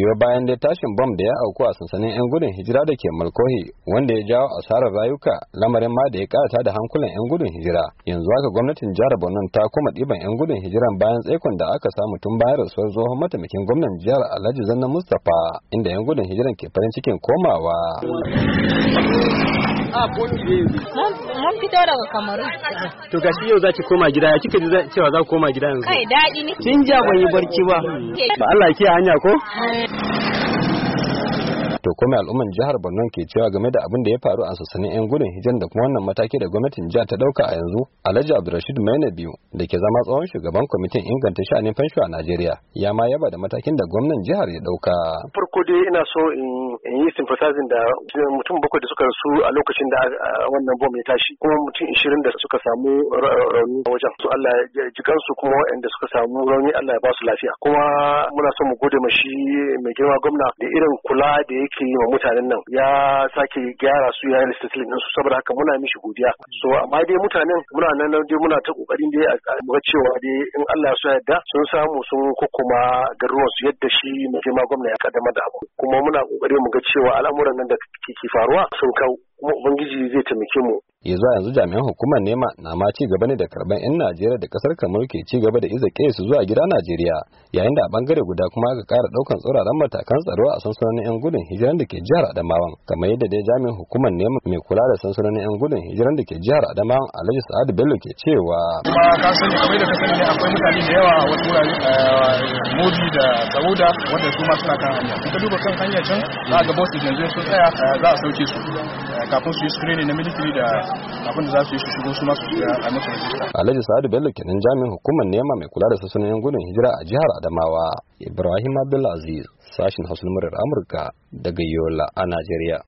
biyo bayan da tashin bom da ya auku a sansanin 'yan gudun hijira da ke malkohi wanda ya jawo asarar rayuka lamarin ma da ya karata da hankulan 'yan gudun hijira yanzu haka gwamnatin jihar borno ta kuma ɗiban 'yan gudun hijiran bayan tsaikon da aka samu tun bayan rasuwar tsohon mataimakin gwamnan jihar alhaji zanna mustapha inda 'yan gudun hijiran ke farin cikin komawa a kofi da yanzu mun fito daga kamaru to ga shi yau za ki koma gida ya kika ji cewa za ku koma gida yanzu kai daɗi ne tun ja ban yi barci ba ba Allah ya kiyaye hanya ko to kome al'umman jihar Borno ke cewa game da abin da ya faru a sassanin yan gudun hijan da kuma wannan mataki da gwamnatin jihar ta dauka a yanzu Alhaji Abdulrashid Maina biyu da ke zama tsohon shugaban kwamitin inganta sha'anin fansho a Najeriya ya ma yaba da matakin da gwamnan jihar ya dauka farko dai ina so in yi sympathizing da mutum bakwai da suka rasu a lokacin da wannan bom ya tashi kuma mutum ishirin da suka samu rauni a wajen su Allah ya ji kansu kuma waɗanda suka samu rauni Allah ya ba su lafiya kuma muna so mu gode ma shi mai girma gwamna da irin kula da ya yake yi wa mutanen nan ya sake gyara su ya yi nan su saboda haka muna mishi godiya so amma dai mutanen muna nan dai muna ta kokarin dai a cewa dai in Allah ya yarda sun samu sun kokuma garuruwan su yadda shi mai girma gwamna ya kaddamar da abu kuma muna kokari mu ga cewa al'amuran nan da ke faruwa sun kau kuma ubangiji zai taimake mu ya zuwa yanzu jami'an hukumar nema na ma ci gaba ne da karban 'yan najeriya da kasar kamar ke ci gaba da iza su zuwa gida najeriya yayin da a bangare guda kuma aka kara daukan tsauraran matakan tsaro a sansanonin 'yan gudun hijiran da ke jihar adamawan kamar yadda dai jami'an hukumar nema mai kula da sansanonin 'yan gudun hijiran da ke jihar adamawan alhaji sa'ad bello ke cewa kuma ka sani da ka ne akwai mutane da yawa wasu wurare eh, modi da sauda wanda su ma suna kan hanya in duba kan hanya can za a ga bosu yanzu sun tsaya eh, za a sauke su kafin su yi screening na military da abin da za su yi su shigo su masu a musu rajista Alhaji Sa'adu Bello kenan jami'in hukumar nema mai kula da sassanonin gudun hijira a jihar Adamawa Ibrahim Abdulaziz sashin Hausa Amurka daga Yola a Najeriya